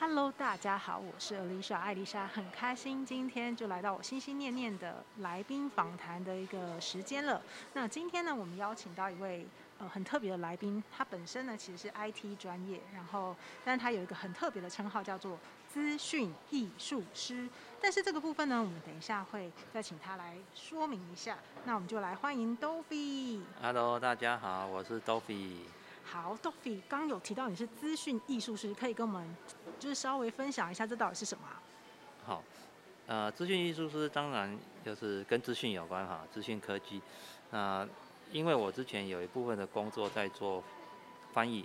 Hello，大家好，我是 Alisha，艾麗莎。艾麗莎很開心，今天就來到我心心念念的來賓訪談的一個時間了。那今天呢，我們邀請到一位呃很特別的來賓，他本身呢其實是 IT 專業，然後但是他有一個很特別的稱號，叫做資訊譯術師。但是這個部分呢，我們等一下會再請他來說明一下。那我們就來歡迎 DoFi。Hello，大家好，我是 DoFi。好，DOFI，剛有提到你是資訊譯術師，可以跟我們就是稍微分享一下這到底是什麼、啊？好，呃，資訊譯術師當然就是跟資訊有關哈，資訊科技。那、呃、因為我之前有一部分的工作在做翻譯，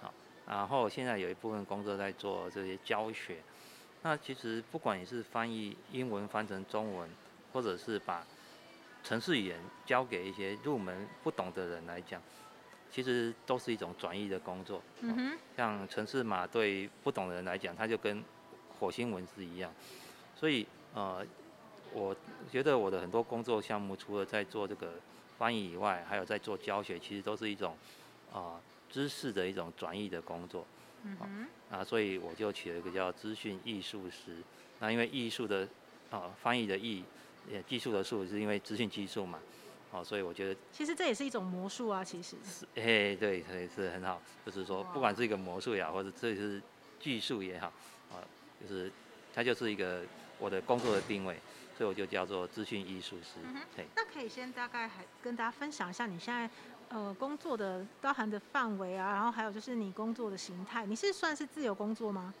好，然後現在有一部分工作在做這些教學。那其實不管你是翻譯英文翻成中文，或者是把程式語言教給一些入門不懂的人來講。其實都是一種轉譯的工作，嗯、像程式嘛對不懂的人來講，它就跟火星文字一樣。所以，呃，我覺得我的很多工作項目，除了在做這個翻譯以外，還有在做教學，其實都是一種啊、呃、知識的一種轉譯的工作、嗯。啊，所以我就起了一個叫資訊譯術師。那因為譯術的啊、呃、翻譯的譯，技的也技術的術，是因為資訊技術嘛。哦，所以我覺得其實這也是一種魔術啊，其實是。哎，對，所以是很好，就是說，不管是一個魔術也好，或者這是技術也好，啊，就是它就是一個我的工作的定位，所以我就叫做資訊譯術師。對、嗯。那可以先大概還跟大家分享一下你現在呃工作的包含的範圍啊，然後還有就是你工作的形態，你是，是算是自由工作嗎？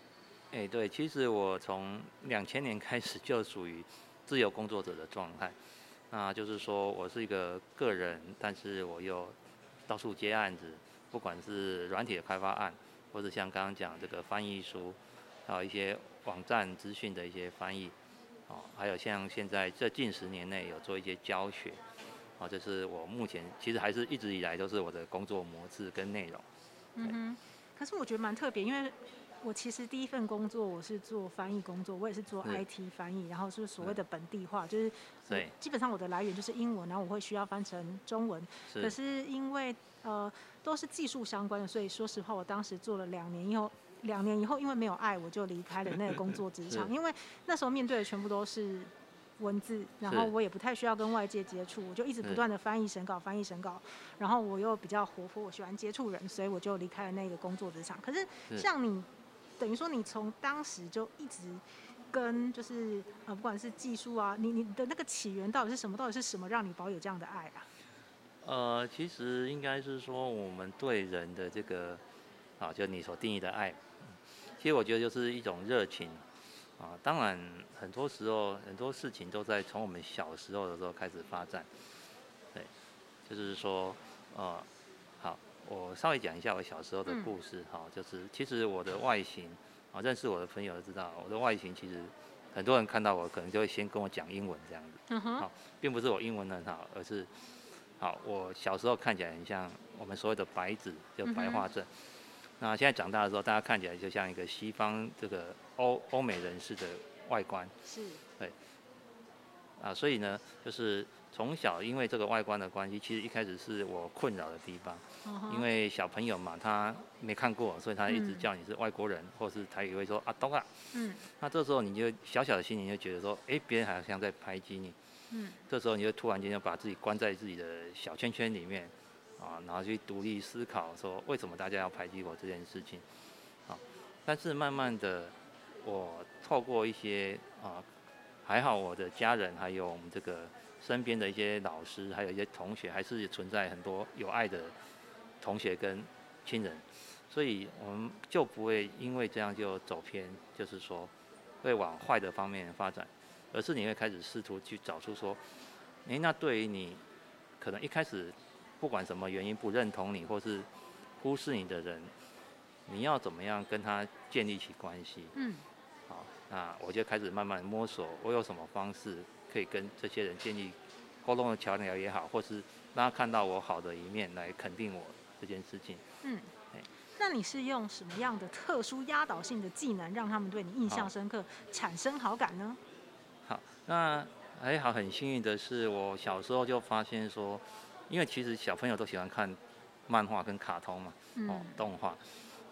哎、欸，對，其實我從兩千年開始就屬於自由工作者的狀態。那就是說我是一個個人，但是我又到處接案子，不管是軟體的開發案，或者像剛剛講這個翻譯書，還有一些網站資訊的一些翻譯，哦，還有像現在這近十年內有做一些教學，哦，這是我目前其實還是一直以來都是我的工作模式跟內容。嗯哼，可是我覺得蠻特別，因為我其實第一份工作我是做翻譯工作，我也是做 IT 翻譯，然後是所謂的本地化，嗯、就是。對，基本上我的來源就是英文，然後我會需要翻成中文。是，可是因為呃都是技術相關的，所以說實話，我當時做了兩年以後，兩年以後因為沒有愛，我就離開了那個工作職場。 因為那時候面對的全部都是文字，然後我也不太需要跟外界接觸，我就一直不斷的翻譯審稿，翻譯審稿。然後我又比較活潑，我喜歡接觸人，所以我就離開了那個工作職場。可是像你，等於說你從當時就一直。跟就是啊，不管是技術啊，你你的那個起源到底是什麼？到底是什麼讓你保有這樣的愛啊？呃，其實應該是說，我們對人的這個啊，就你所定義的愛，其實我覺得就是一種熱情啊、呃。當然，很多時候很多事情都在從我們小時候的時候開始發展。對，就是說，呃，好，我稍微講一下我小時候的故事哈、嗯，就是其實我的外形。認識我的朋友都知道我的外形，其實很多人看到我可能就會先跟我講英文這樣子。好，並不是我英文很好，而是好，我小時候看起來很像我們所謂的白子，就白化症、嗯。那現在長大的時候，大家看起來就像一個西方這個歐歐美人士的外觀，是，對，啊，所以呢，就是。從小，因為這個外觀的關係，其實一開始是我困擾的地方。哦、因為小朋友嘛，他沒看過，所以他一直叫你是外國人，嗯、或者是他也會說阿東啊,啊。嗯。那這時候你就小小的心裡就覺得說，哎、欸，別人還好像在排擠你。嗯。這時候你就突然間就把自己關在自己的小圈圈裡面，啊，然後去獨立思考說，為什麼大家要排擠我這件事情？啊。但是慢慢的，我透過一些啊，還好我的家人還有我們這個。身邊的一些老師，還有一些同學，還是存在很多有愛的同學跟親人，所以我們就不會因為這樣就走偏，就是說會往壞的方面的發展，而是你會開始試圖去找出說，誒，那對於你可能一開始不管什麼原因不認同你或是忽視你的人，你要怎麼樣跟他建立起關係？嗯，好，那我就開始慢慢摸索，我有什麼方式可以跟這些人建立。溝通的橋樑也好，或是讓他看到我好的一面來肯定我這件事情。嗯，那你是用什麼樣的特殊壓倒性的技能讓他們對你印象深刻、產生好感呢？好，好，那還好很幸運的是，我小時候就發現說，因為其實小朋友都喜歡看漫畫跟卡通嘛，嗯、哦，動畫。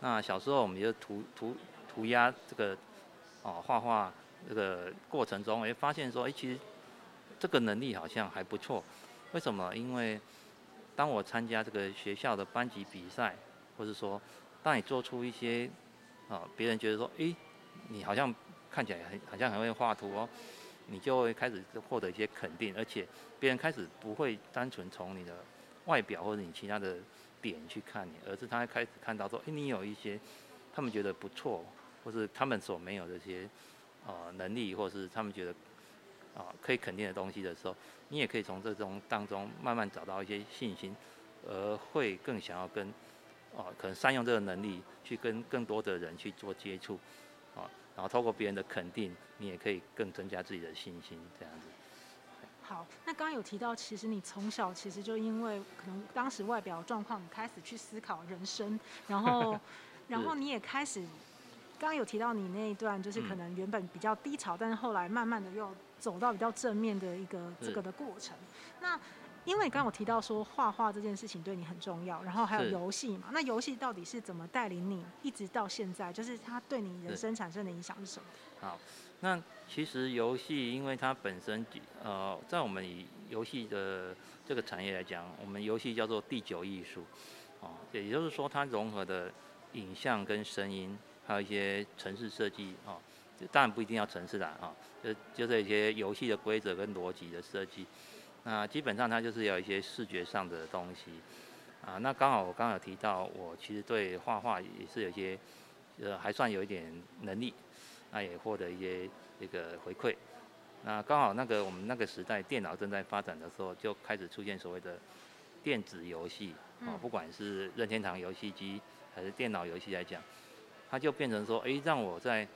那小時候我們就塗塗塗鴉這個，哦，畫畫這個過程中，哎，也發現說，哎、欸，其實。這個能力好像還不錯，為什麼？因為當我參加這個學校的班級比賽，或是說當你做出一些啊，呃、別人覺得說，誒、欸、你好像看起來很好像很會畫圖哦，你就會開始獲得一些肯定，而且別人開始不會單純從你的外表或者你其他的點去看你，而是他會開始看到說，誒、欸、你有一些他們覺得不錯，或是他們所沒有的這些啊、呃、能力，或是他們覺得。啊、哦，可以肯定的東西的時候，你也可以從這種當中慢慢找到一些信心，而會更想要跟，哦，可能善用這個能力去跟更多的人去做接觸，啊、哦，然後透過別人的肯定，你也可以更增加自己的信心，這樣子。好，那剛剛有提到，其實你從小其實就因為可能當時外表的狀況，你開始去思考人生，然後， 然後你也開始。剛剛有提到你那一段，就是可能原本比較低潮，嗯，但是後來慢慢的又走到比較正面的一個這個的過程。那因為剛剛我提到說，畫畫這件事情對你很重要，然後還有遊戲嘛。那遊戲到底是怎麼帶領你一直到現在？就是它對你人生產生的影響是什麼？是，好，那其實遊戲，因為它本身，呃，在我們以遊戲的這個產業來講，我們遊戲叫做第九藝術，哦，也就是說它融合的影像跟聲音。還有一些程式設計啊，哦、就當然不一定要程式的，哦、就就是一些遊戲的規則跟邏輯的設計。那基本上它就是有一些視覺上的東西啊。那剛好我剛剛有提到，我其實對畫畫也是有一些，呃，還算有一點能力。那也獲得一些這個回饋。那剛好那個我們那個時代電腦正在發展的時候，就開始出現所謂的電子遊戲啊，不管是任天堂遊戲機還是電腦遊戲來講。他就變成說，哎、欸，讓我在，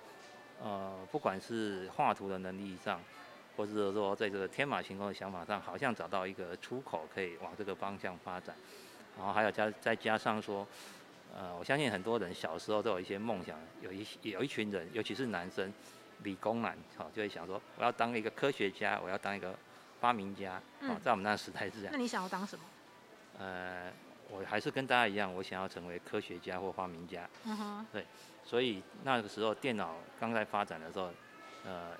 呃，不管是畫圖的能力上，或者是說在這個天馬行空的想法上，好像找到一個出口，可以往這個方向發展。然後還有加，再加上說，呃，我相信很多人小時候都有一些夢想，有一有一群人，尤其是男生，理工男，好，就會想說，我要當一個科學家，我要當一個發明家，啊，在我們那個時代是這樣，嗯。那你想要當什麼？呃。我還是跟大家一樣，我想要成為科學家或發明家。嗯哼。對，所以那個時候電腦剛在發展的時候，呃，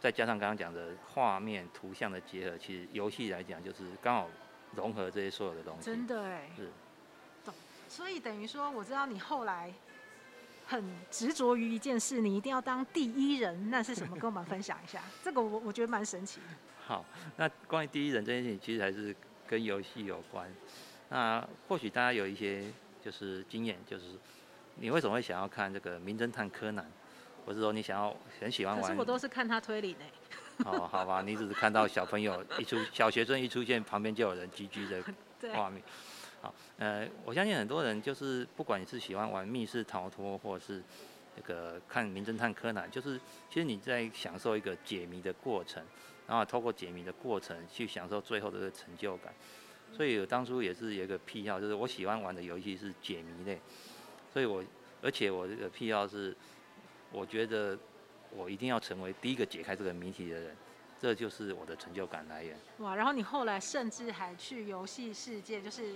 再加上剛剛講的畫面圖像的結合，其實遊戲來講就是剛好融合這些所有的東西。真的哎、欸。是懂。所以等於說，我知道你後來很執着於一件事，你一定要當第一人，那是什麼？跟我們分享一下。 這個我我覺得蠻神奇的。好，那關於第一人這件事情，其實還是跟遊戲有關。那或許大家有一些就是經驗，就是你為什麼會想要看這個《名偵探柯南》，或者說你想要很喜歡玩，我都是看他推理呢？哦，好吧，你只是看到小朋友一出，小學生一出現，旁邊就有人居居的畫面。好，oh, 呃，我相信很多人就是不管你是喜歡玩密室逃脫，或者是那個看《名偵探柯南》，就是其實你在享受一個解謎的過程，然後透過解謎的過程去享受最後的成就感。所以我當初也是有一個癖好，就是我喜歡玩的遊戲是解謎類。所以我，而且我這個癖好是，我覺得我一定要成為第一個解開這個謎題的人，這就是我的成就感來源。哇！然後你後來甚至還去遊戲世界，就是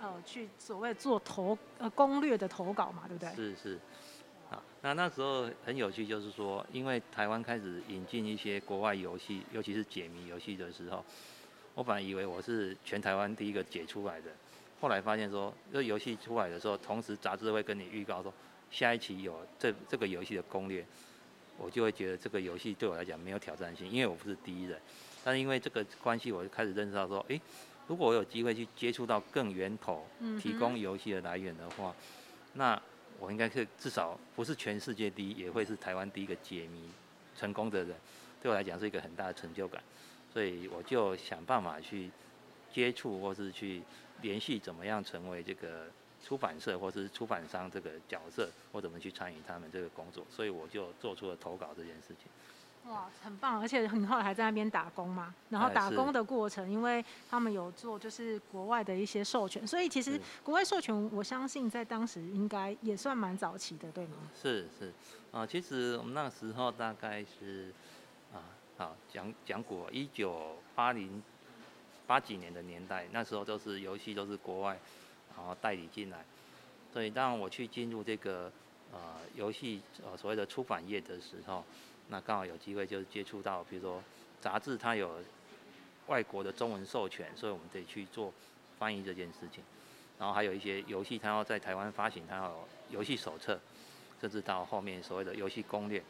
呃，去所謂做投呃攻略的投稿嘛，對不對？是是。啊，那那時候很有趣，就是說，因為台灣開始引進一些國外遊戲，尤其是解謎遊戲的時候。我本來以為我是全台灣第一個解出來的，後來發現說，這個遊戲出來的時候，同時雜誌會跟你預告說，下一期有這這個遊戲的攻略，我就會覺得這個遊戲對我來講沒有挑戰性，因為我不是第一人。但是因為這個關係，我就開始認識到說，欸、如果我有機會去接觸到更源頭提供遊戲的來源的話，嗯、那我應該是至少不是全世界第一，也會是台灣第一個解謎成功的人，對我來講是一個很大的成就感。所以我就想辦法去接觸，或是去聯繫，怎麼樣成為這個出版社或是出版商這個角色，或怎麼去參與他們這個工作。所以我就做出了投稿這件事情。哇，很棒！而且你後來還在那邊打工嘛？然後打工的過程、呃，因為他們有做就是國外的一些授權，所以其實國外授權，我相信在當時應該也算蠻早期的，對嗎？是是啊、呃，其實我們那時候大概是。講講古，一九八零八幾年的年代，那時候都是遊戲都是國外，然後代理進來。所以，當我去進入這個呃遊戲呃所謂的出版業的時候，那剛好有機會就是接觸到，比如說雜誌它有外國的中文授權，所以我們得去做翻譯這件事情。然後還有一些遊戲，它要在台灣發行，它要有遊戲手冊，甚至到後面所謂的遊戲攻略，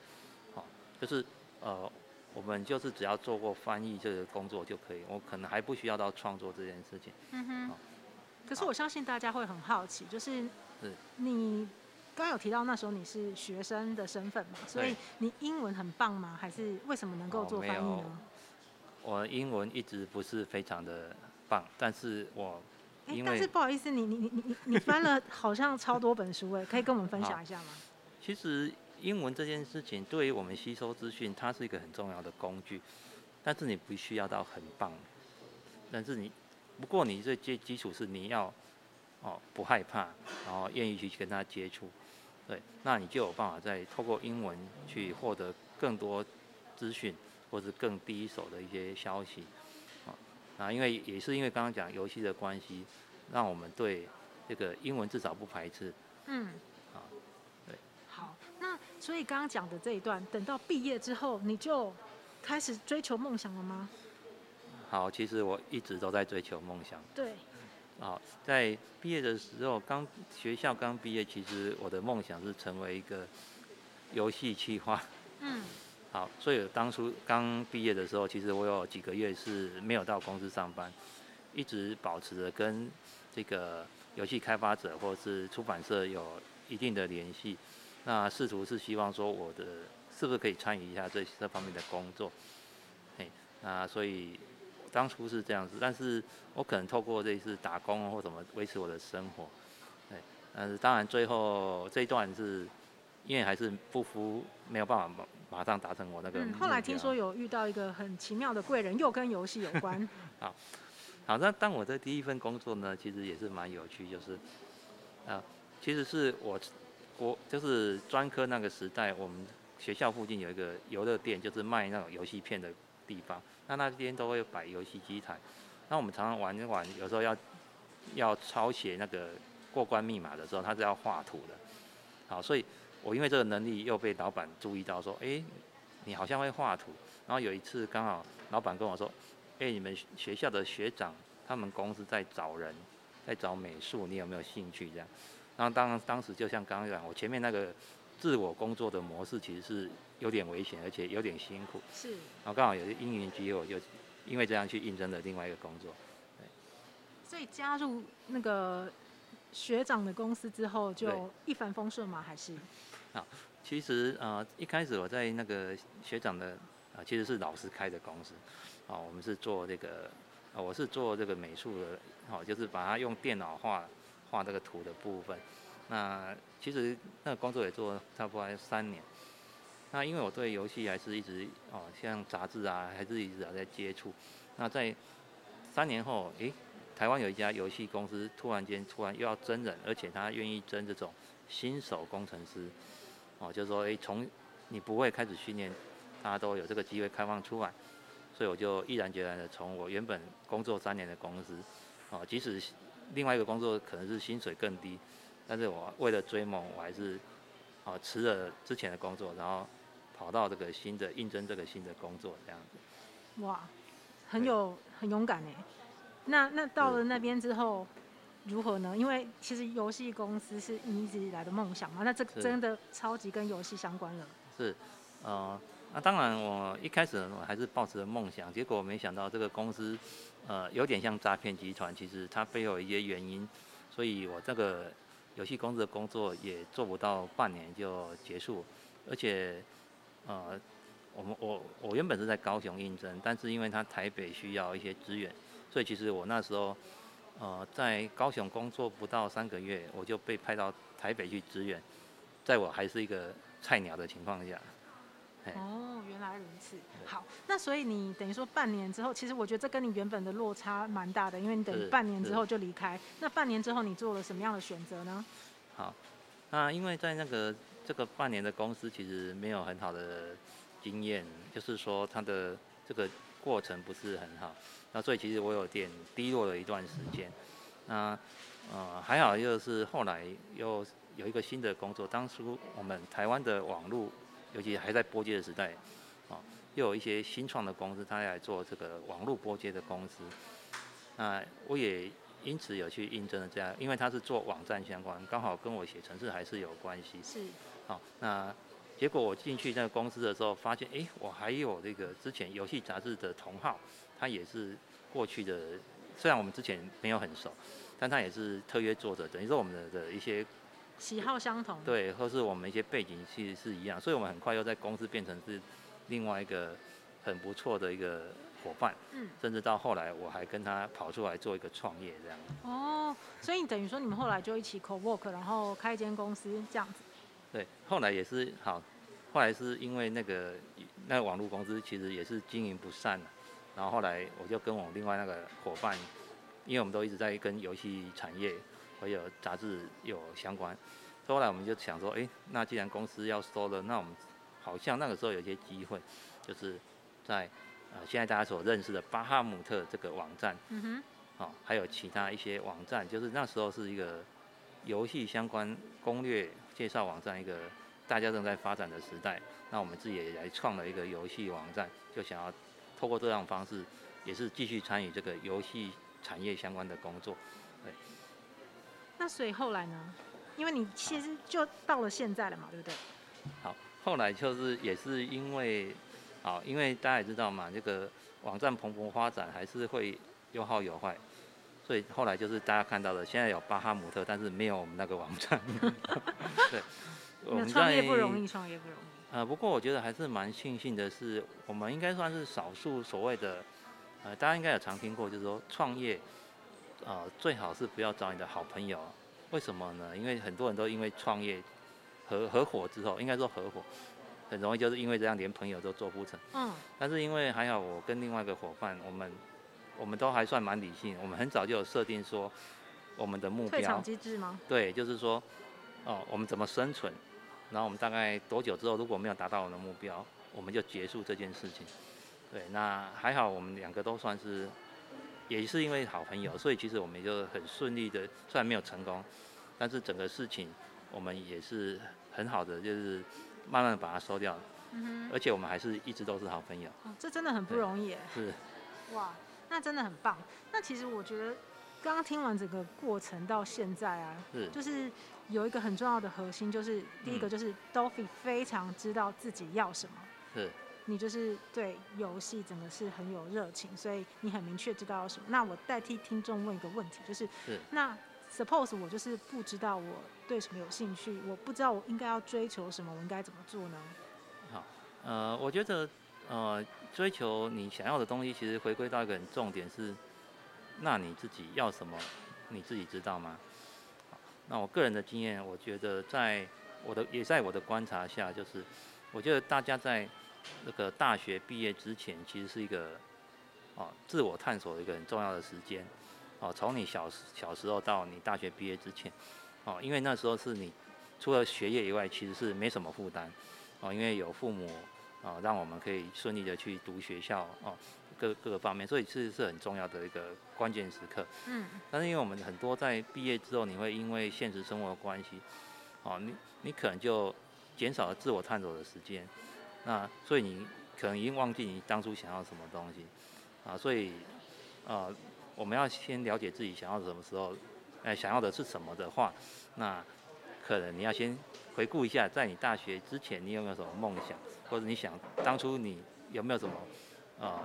好、哦，就是呃。我們就是只要做過翻譯這個工作就可以，我可能還不需要到創作這件事情。嗯哼、哦。可是我相信大家會很好奇，啊、就是你剛有提到那時候你是學生的身份嘛，所以你英文很棒嗎？還是為什麼能夠做翻譯呢、哦？我英文一直不是非常的棒，但是我因為、欸、但是不好意思，你你你你你翻了好像超多本書欸， 可以跟我們分享一下嗎？其實。英文這件事情，對於我們吸收資訊，它是一個很重要的工具。但是你不需要到很棒，但是你，不過你最基基礎是你要，哦，不害怕，然後願意去跟他接觸，對，那你就有辦法再透過英文去獲得更多資訊，或是更第一手的一些消息。啊、哦，那因為也是因為剛剛講遊戲的關係，讓我們對這個英文至少不排斥。嗯。所以剛剛講的這一段，等到畢業之後，你就開始追求夢想了嗎？好，其實我一直都在追求夢想。對。好，哦，在畢業的時候，剛學校剛畢業，其實我的夢想是成為一個遊戲企劃。嗯。好，所以當初剛畢業的時候，其實我有幾個月是沒有到公司上班，一直保持着跟這個遊戲開發者或是出版社有一定的聯繫。那試圖是希望說我的是不是可以參與一下這這方面的工作，嘿，那所以當初是這樣子，但是我可能透過這一次打工或什麼維持我的生活，對，但是當然最後這一段是，因為還是不服沒有辦法馬上達成我那個、嗯。後來聽說有遇到一個很奇妙的貴人，又跟遊戲有關。 好。好，那當我的第一份工作呢，其實也是蠻有趣，就是啊、呃，其實是我。我就是專科那個時代，我們學校附近有一個遊樂店，就是賣那種遊戲片的地方。那那邊都會擺遊戲機台。那我們常常玩一玩，有時候要要抄寫那個過關密碼的時候，他是要畫圖的。好，所以我因為這個能力又被老闆注意到，說：欸，你好像會畫圖。然後有一次剛好老闆跟我說：欸，你們學校的學長他們公司在找人，在找美術，你有沒有興趣？這樣。然、啊、當當時就像剛剛講，我前面那個自我工作的模式其實是有點危險，而且有點辛苦。是。然後剛好有些因緣際會，我就因為這樣去應徵了另外一個工作。對。所以加入那個學長的公司之後，就一帆風順嗎？還是？啊，其實呃，一開始我在那個學長的啊，其實是老師開的公司，啊，我們是做這個，啊，我是做這個美術的，好、啊，就是把它用電腦畫。畫這個圖的部分，那其實那個工作也做了差不多三年。那因為我對遊戲還是一直哦，像雜誌啊，還是一直在接觸。那在三年後，誒、欸，台灣有一家遊戲公司突然間突然又要徵人，而且他願意徵這種新手工程師，哦，就是說，誒、欸，從你不會開始訓練，他都有這個機會開放出來。所以我就毅然決然的從我原本工作三年的公司，哦，即使。另外一個工作可能是薪水更低，但是我為了追夢，我還是啊辭、呃、了之前的工作，然後跑到這個新的應徵這個新的工作這樣子。哇，很有很勇敢哎。那那到了那邊之後如何呢？因為其實遊戲公司是你一直以來的夢想嘛，那這真的超級跟遊戲相關了。是，嗯、呃。那、啊、當然，我一開始我還是抱持着夢想，結果沒想到這個公司，呃，有點像詐騙集團。其實它背後有一些原因，所以我這個遊戲公司的工作也做不到半年就結束。而且，呃，我們我我原本是在高雄應徵，但是因為他台北需要一些資源，所以其實我那時候，呃，在高雄工作不到三個月，我就被派到台北去支援，在我還是一個菜鳥的情況下。哦，原來如此。好，那所以你等於說半年之後，其實我覺得這跟你原本的落差蠻大的，因為你等於半年之後就離開。那半年之後你做了什麼樣的選擇呢？好，那因為在那個這個半年的公司其實沒有很好的經驗，就是說它的這個過程不是很好。那所以其實我有點低落了一段時間。那呃還好，就是後來又有一個新的工作。當初我們台灣的網絡。尤其還在撥接的時代，哦，又有一些新創的公司，他來做這個網絡撥接的公司。那我也因此有去應徵了這樣，因為他是做網站相關，剛好跟我寫程式還是有關係。是，好，哦，那結果我進去那個公司的時候，發現，哎、欸，我還有這個之前遊戲雜誌的同好，他也是過去的，雖然我們之前沒有很熟，但他也是特約作者，等於說我們的的一些。喜好相同，對，或是我們一些背景其實是一樣，所以我們很快又在公司變成是另外一個很不錯的一個夥伴，嗯，甚至到後來我還跟他跑出來做一個創業這樣子。哦，所以你等於說你們後來就一起 co work，然後開一間公司這樣子？對，後來也是好，後來是因為那個那個網絡公司其實也是經營不善了，然後後來我就跟我另外那個夥伴，因為我們都一直在跟遊戲產業。還有雜誌有相關，後來我們就想說，哎、欸，那既然公司要收了，那我們好像那個時候有些機會，就是在呃，現在大家所認識的巴哈姆特這個網站，嗯哼，哦，還有其他一些網站，就是那時候是一個遊戲相關攻略介紹網站，一個大家正在發展的時代，那我們自己也來創了一個遊戲網站，就想要透過這種方式，也是繼續參與這個遊戲產業相關的工作，對。那所以後來呢？因為你其實就到了現在了嘛，對不對？好，後來就是也是因為，好、哦、因為大家也知道嘛，這個網站蓬勃發展還是會有好有壞，所以後來就是大家看到的，現在有巴哈姆特，但是沒有我們那個網站。 對，創業不容易，創業不容易。呃，不過我覺得還是蠻慶幸、幸的是，我們應該算是少數所謂的，呃，大家應該有常聽過，就是說創業。呃，最好是不要找你的好朋友啊，為什麼呢？因為很多人都因為創業合合夥之後，應該說合夥很容易就是因為這樣連朋友都做不成。嗯。但是因為還好，我跟另外一個夥伴，我們我們都還算蠻理性，我們很早就有設定說我們的目標。退場機制嗎？對，就是說呃，我們怎麼生存？然後我們大概多久之後如果沒有達到我們的目標，我們就結束這件事情。對，那還好，我們兩個都算是。也是因為好朋友，所以其實我們就很順利的，雖然沒有成功，但是整個事情我們也是很好的，就是慢慢的把它收掉了。嗯哼。而且我們還是一直都是好朋友。哦，這真的很不容易是。哇，那真的很棒。那其實我覺得，剛剛聽完整個過程到現在啊是，就是有一個很重要的核心，就是、嗯、第一個就是 DOFI 非常知道自己要什麼。是。你就是對遊戲整個是很有熱情，所以你很明確知道什麼。那我代替聽眾問一個問題，就是：是那 suppose 我就是不知道我對什麼有興趣，我不知道我應該要追求什麼，我應該怎麼做呢？好，呃，我覺得，呃，追求你想要的東西，其實回歸到一個很重點是，那你自己要什麼，你自己知道嗎？好，那我個人的經驗，我覺得在我的也在我的觀察下，就是我覺得大家在那、這個大學畢業之前，其實是一個、哦、自我探索的一個很重要的時間哦。從你小時小時候到你大學畢業之前哦，因為那時候是你除了學業以外，其實是沒什麼負擔哦，因為有父母、哦、讓我們可以順利的去讀學校、哦、各各個方面，所以其實是很重要的一個關鍵時刻。嗯。但是因為我們很多在畢業之後，你會因為現實生活的關係哦，你你可能就減少了自我探索的時間。那所以你可能已經忘記你當初想要什麼東西，啊，所以啊、呃，我們要先了解自己想要什麼時候，呃，想要的是什麼的話，那可能你要先回顧一下，在你大學之前你有沒有什麼夢想，或者你想當初你有沒有什麼，呃，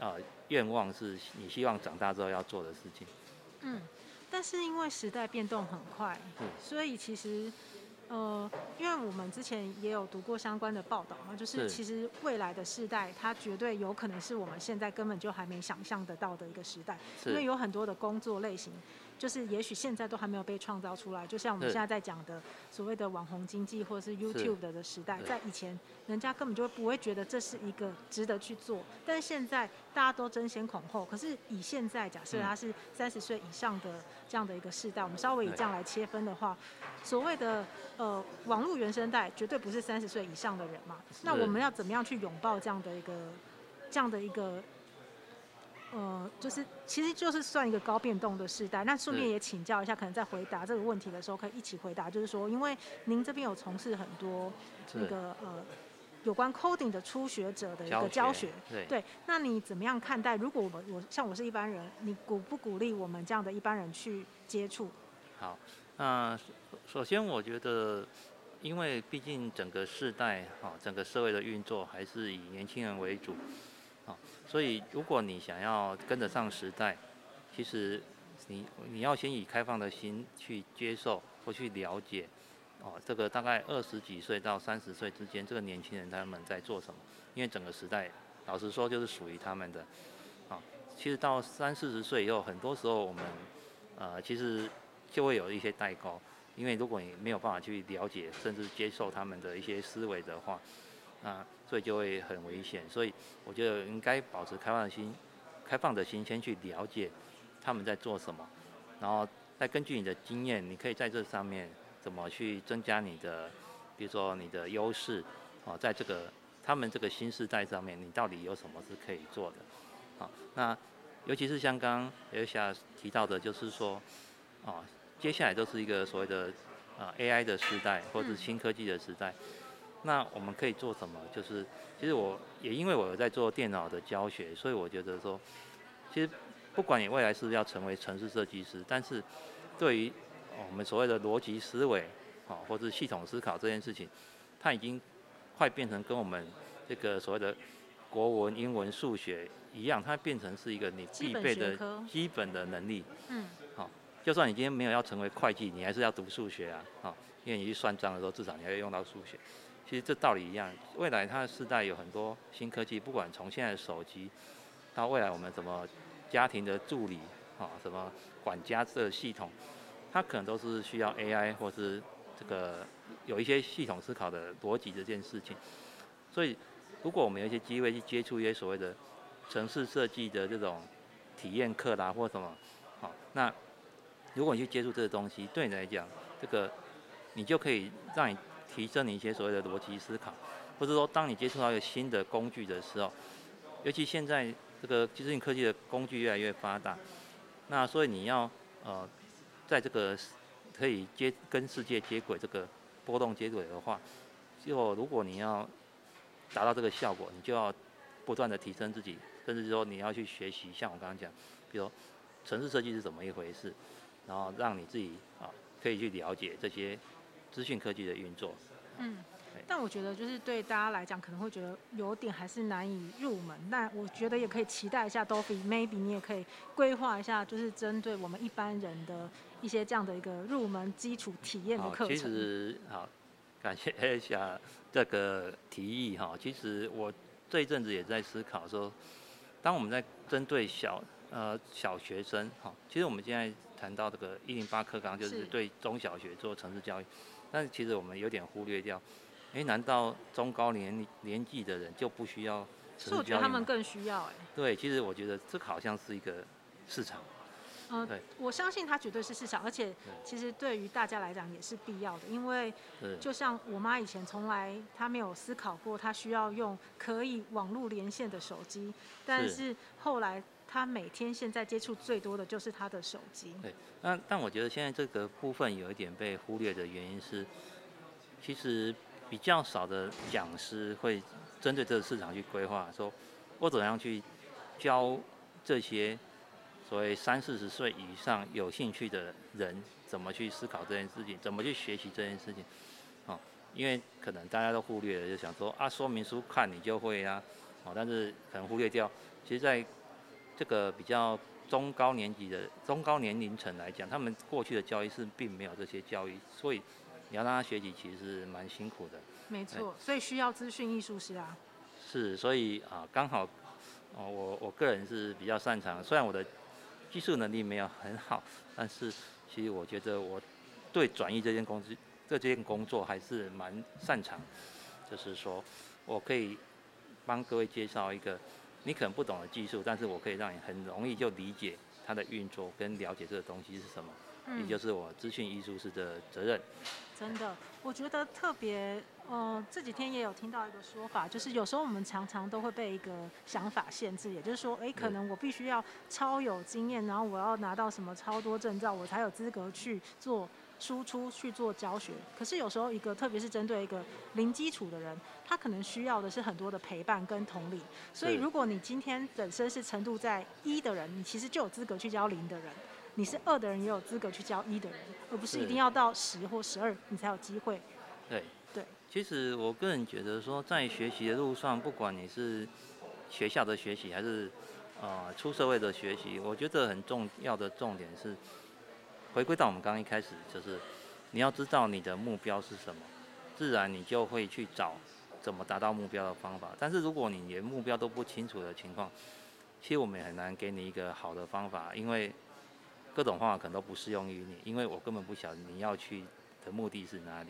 呃，願望是你希望長大之後要做的事情。嗯，但是因為時代變動很快，嗯、所以其實。呃，因為我們之前也有讀過相關的報道嘛，就是其實未來的世代，它絕對有可能是我們現在根本就還沒想象得到的一個時代是，因為有很多的工作類型。就是也許現在都還沒有被創造出來，就像我們現在在講的所謂的網紅經濟或者是 YouTube 的時代，在以前人家根本就不會覺得這是一個值得去做，但是現在大家都爭先恐後。可是以現在假設他是三十歲以上的這樣的一個世代，我們稍微以這樣來切分的話，所謂的呃網絡原生代絕對不是三十歲以上的人嘛？那我們要怎麼樣去擁抱這樣的一個這樣的一個？呃，就是其實就是算一個高變動的時代。那順便也請教一下，可能在回答這個問題的時候，可以一起回答。就是說，因為您這邊有從事很多那個呃有關 coding 的初學者的一個教學，教學對對。那你怎麼樣看待？如果我們我像我是一般人，你鼓不鼓勵我們這樣的一般人去接觸？好，那，呃，首先我覺得，因為畢竟整個世代哈，整個社會的運作還是以年輕人為主。所以，如果你想要跟得上時代，其實你你要先以開放的心去接受或去了解，哦，這個大概二十幾歲到三十歲之間，這個年輕人他們在做什麼？因為整個時代，老實說就是屬於他們的。啊、哦，其實到三四十歲以後，很多時候我們，呃，其實就會有一些代溝，因為如果你沒有辦法去了解甚至接受他們的一些思維的話，啊、呃。所以就會很危險，所以我覺得應該保持開放的心，開放的心先去了解，他們在做什麼，然後再根據你的經驗，你可以在這上面怎麼去增加你的，比如說你的優勢，啊，在這個他們這個新世代上面，你到底有什麼是可以做的？啊，那尤其是像剛劉霞提到的，就是說，啊，接下來都是一個所謂的啊 AI 的時代，或者是新科技的時代。那我們可以做什麼？就是其實我也因為我有在做電腦的教學，所以我覺得說，其實不管你未來是不是要成為程式設計師，但是對於我們所謂的邏輯思維好、哦、或是系統思考這件事情，它已經快變成跟我們這個所謂的國文、英文、數學一樣，它變成是一個你必備的基本的能力。嗯。好、哦，就算你今天沒有要成為會計，你還是要讀數學啊、哦！因為你去算賬的時候，至少你還要用到數學。其實這道理一樣，未來它的世代有很多新科技，不管從現在的手機到未來我們什麼家庭的助理啊，什麼管家的系統，它可能都是需要 AI 或是這個有一些系統思考的邏輯這件事情。所以，如果我們有一些機會去接觸一些所謂的程式設計的這種體驗課啦，或什麼，好，那如果你去接觸這個東西，對你來講，這個你就可以讓你。提升你一些所謂的邏輯思考，或者說，當你接觸到一個新的工具的時候，尤其現在這個資訊科技的工具越來越發達，那所以你要呃，在這個可以接跟世界接軌這個波動接軌的話，最後如果你要達到這個效果，你就要不斷的提升自己，甚至說你要去學習，像我剛剛講，比如城市設計是怎麼一回事，然後讓你自己啊、呃、可以去了解這些。資訊科技的運作，嗯，但我覺得就是對大家來講，可能會覺得有點還是難以入門。但我覺得也可以期待一下，DOFI maybe 你也可以規劃一下，就是針對我們一般人的一些這樣的一個入門基礎體驗的課程。其實好，感謝一下這個提議哈。其實我這一陣子也在思考說，當我們在針對小呃小學生哈，其實我們現在談到這個一零八課綱，就是對中小學做程式教育。但是其實我們有點忽略掉，哎、欸，難道中高年年紀的人就不需要？是我覺得他們更需要哎、欸。對，其實我覺得這個好像是一個市場。嗯、呃，我相信它絕對是市場，而且其實對於大家來講也是必要的，因為就像我媽以前從來她沒有思考過，她需要用可以網絡連線的手機，但是後來。他每天現在接觸最多的就是他的手機。對，那但我覺得現在這個部分有一點被忽略的原因是，其實比較少的講師會針對這個市場去規劃，說我怎樣去教這些所謂三四十歲以上有興趣的人怎麼去思考這件事情，怎麼去學習這件事情。哦，因為可能大家都忽略了，就想說啊，說明書看你就會啊，哦，但是可能忽略掉，其實，在這個比較中高年級的中高年齡層來講，他們過去的教育是並沒有這些教育，所以你要讓他學習其實是蠻辛苦的。沒錯、哎，所以需要資訊譯術師啊。是，所以啊，剛好，哦、啊，我我個人是比較擅長，雖然我的技術能力沒有很好，但是其實我覺得我對轉譯這件工作，這件工作還是蠻擅長，就是說我可以幫各位介紹一個。你可能不懂的技術，但是我可以讓你很容易就理解它的運作跟了解這個東西是什麼，嗯、也就是我資訊譯術師的責任。真的，我覺得特別，呃，這幾天也有聽到一個說法，就是有時候我們常常都會被一個想法限制，也就是說，哎、欸，可能我必須要超有經驗，然後我要拿到什麼超多證照，我才有資格去做。輸出去做教學，可是有時候一個，特別是針對一個零基礎的人，他可能需要的是很多的陪伴跟同理。所以，如果你今天本身是程度在一的人，你其實就有資格去教零的人；你是二的人，也有資格去教一的人，而不是一定要到十或十二你才有機會。對對，其實我個人覺得說，在學習的路上，不管你是學校的學習還是，呃，出社會的學習，我覺得很重要的重點是，回歸到我們剛剛一開始，就是你要知道你的目標是什麼，自然你就會去找怎麼達到目標的方法。但是如果你連目標都不清楚的情況，其實我們也很難給你一個好的方法，因為各種方法可能都不適用於你，因為我根本不曉得你要去的目的是哪裡。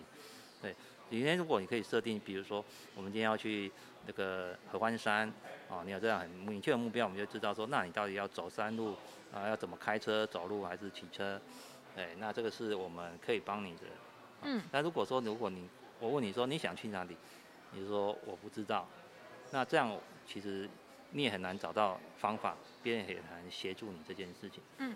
對，因為如果你可以設定，比如說我們今天要去那個合歡山啊、哦，你有這樣很明確的目標，我們就知道說，那你到底要走山路啊、呃，要怎麼開車、走路還是騎車？對，那這個是我們可以幫你的。嗯，那如果說如果你我問你說你想去哪裡，你就說我不知道，那這樣其實你也很難找到方法，別人也很難協助你這件事情。嗯，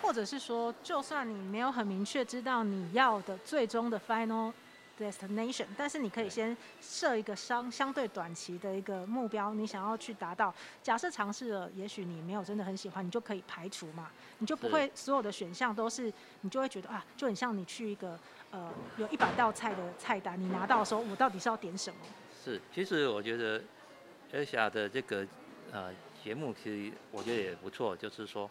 或者是說，就算你沒有很明確知道你要的最終的 final。destination，但是你可以先設一個相對相對短期的一個目標，你想要去達到。假設嘗試了，也許你沒有真的很喜歡，你就可以排除嘛，你就不會所有的選項都是，你就會覺得啊，就很像你去一個呃有一百道菜的菜單，你拿到的時候，我到底是要點什麼？是，其實我覺得 AC 的這個呃節目，其實我覺得也不錯。就是說，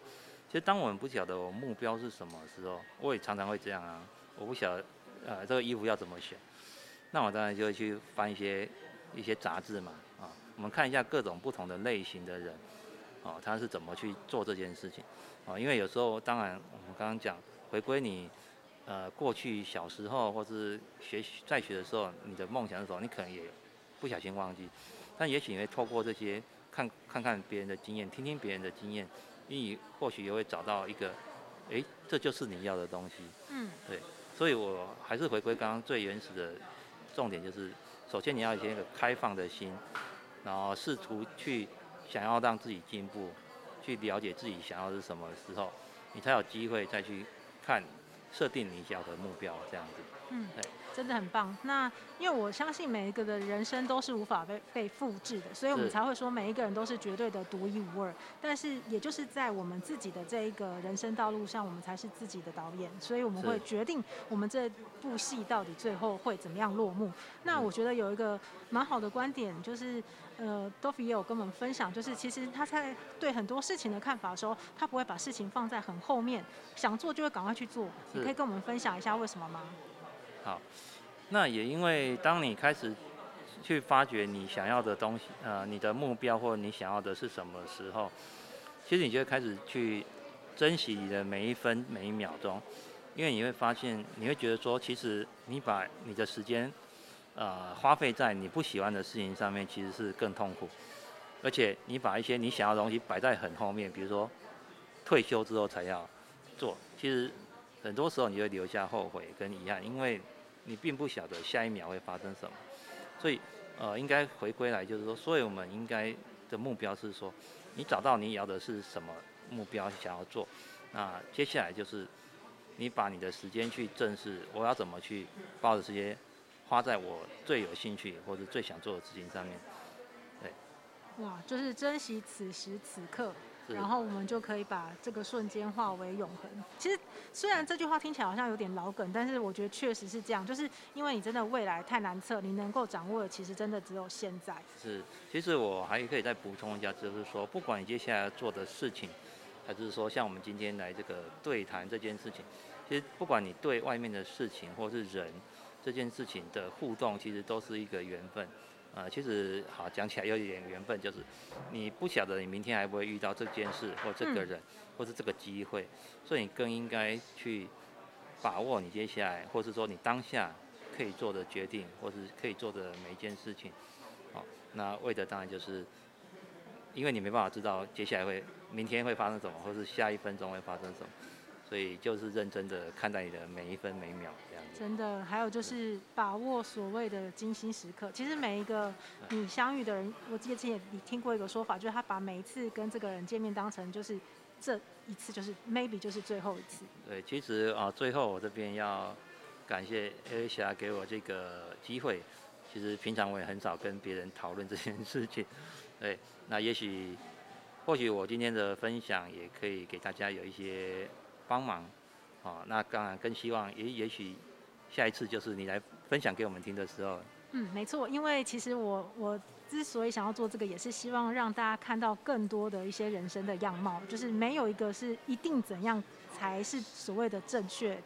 其實當我們不曉得我目標是什麼的時候，我也常常會這樣啊，我不曉得。呃，這個衣服要怎麼選？那我當然就會去翻一些一些雜誌嘛，啊，我們看一下各種不同的類型的人，啊，他是怎麼去做這件事情，啊，因為有時候當然我們剛剛講回歸你，呃，過去小時候或是學在學的時候，你的夢想的時候，你可能也不小心忘記，但也許你會透過這些看看看別人的經驗，聽聽別人的經驗，你或許也會找到一個，哎，這就是你要的東西，嗯，對。所以，我還是回歸剛剛最原始的重點，就是首先你要有一個開放的心，然後試圖去想要讓自己進步，去了解自己想要是什麼時候，你才有機會再去看設定你想要的目標這樣子。對，嗯。真的很棒。那因為我相信每一個的人生都是無法被被複製的，所以我們才會說每一個人都是絕對的獨一無二。但是也就是在我們自己的這一個人生道路上，我們才是自己的導演，所以我們會決定我們這部戲到底最後會怎麼樣落幕。那我覺得有一個蠻好的觀點，就是呃，多菲也有跟我們分享，就是其實他在對很多事情的看法的時候，他不會把事情放在很後面，想做就會趕快去做。你可以跟我們分享一下為什麼嗎？好，那也因為當你開始去發掘你想要的東西，呃，你的目標或者你想要的是什麼時候，其實你就會開始去珍惜你的每一分每一秒鐘，因為你會發現，你會覺得說，其實你把你的時間，呃，花費在你不喜歡的事情上面，其實是更痛苦，而且你把一些你想要的東西擺在很後面，比如說退休之後才要做，其實很多時候你會留下後悔跟遺憾，因為。你並不曉得下一秒會發生什麼，所以，呃，應該回歸來就是說，所以我們應該的目標是說，你找到你要的是什麼目標想要做，那接下來就是你把你的時間去正視，我要怎麼去把我的時間花在我最有興趣或者最想做的事情上面，對，哇，就是珍惜此時此刻。然後我們就可以把這個瞬間化為永恆。其實雖然這句話聽起來好像有點老梗，但是我覺得確實是這樣，就是因為你真的未來太難測，你能夠掌握的其實真的只有現在。是，其實我還可以再補充一下，就是說不管你接下來要做的事情，還是說像我們今天來這個對談這件事情，其實不管你對外面的事情或是人這件事情的互動，其實都是一個緣分。啊、呃，其實好講起來有點緣分，就是你不曉得你明天還會不會遇到這件事或這個人，嗯、或是這個機會，所以你更應該去把握你接下來或是說你當下可以做的決定，或是可以做的每一件事情。好，那為的當然就是因為你沒辦法知道接下來會明天會發生什麼，或是下一分鐘會發生什麼。所以就是認真的看待你的每一分每一秒，這樣子。真的，還有就是把握所謂的“精心時刻”。其實每一個你相遇的人，我之前也聽過一個說法，就是他把每一次跟這個人見面當成就是這一次，就是 maybe 就是最後一次。對，其實啊，最後我這邊要感謝 AC 俠給我這個機會。其實平常我也很少跟別人討論這件事情。對，那也許或許我今天的分享也可以給大家有一些。幫忙，啊，那當然更希望也也許下一次就是你來分享給我們聽的時候。嗯，沒錯，因為其實我我之所以想要做這個，也是希望讓大家看到更多的一些人生的樣貌，就是沒有一個是一定怎樣才是所謂的正確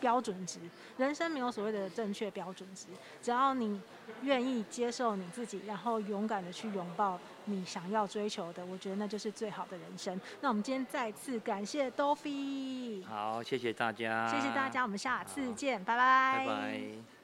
標準值，人生沒有所謂的正確標準值，只要你。願意接受你自己，然後勇敢地去擁抱你想要追求的，我覺得那就是最好的人生。那我們今天再次感謝 DOFI。好，謝謝大家，謝謝大家，我們下次見，拜拜，拜拜。Bye bye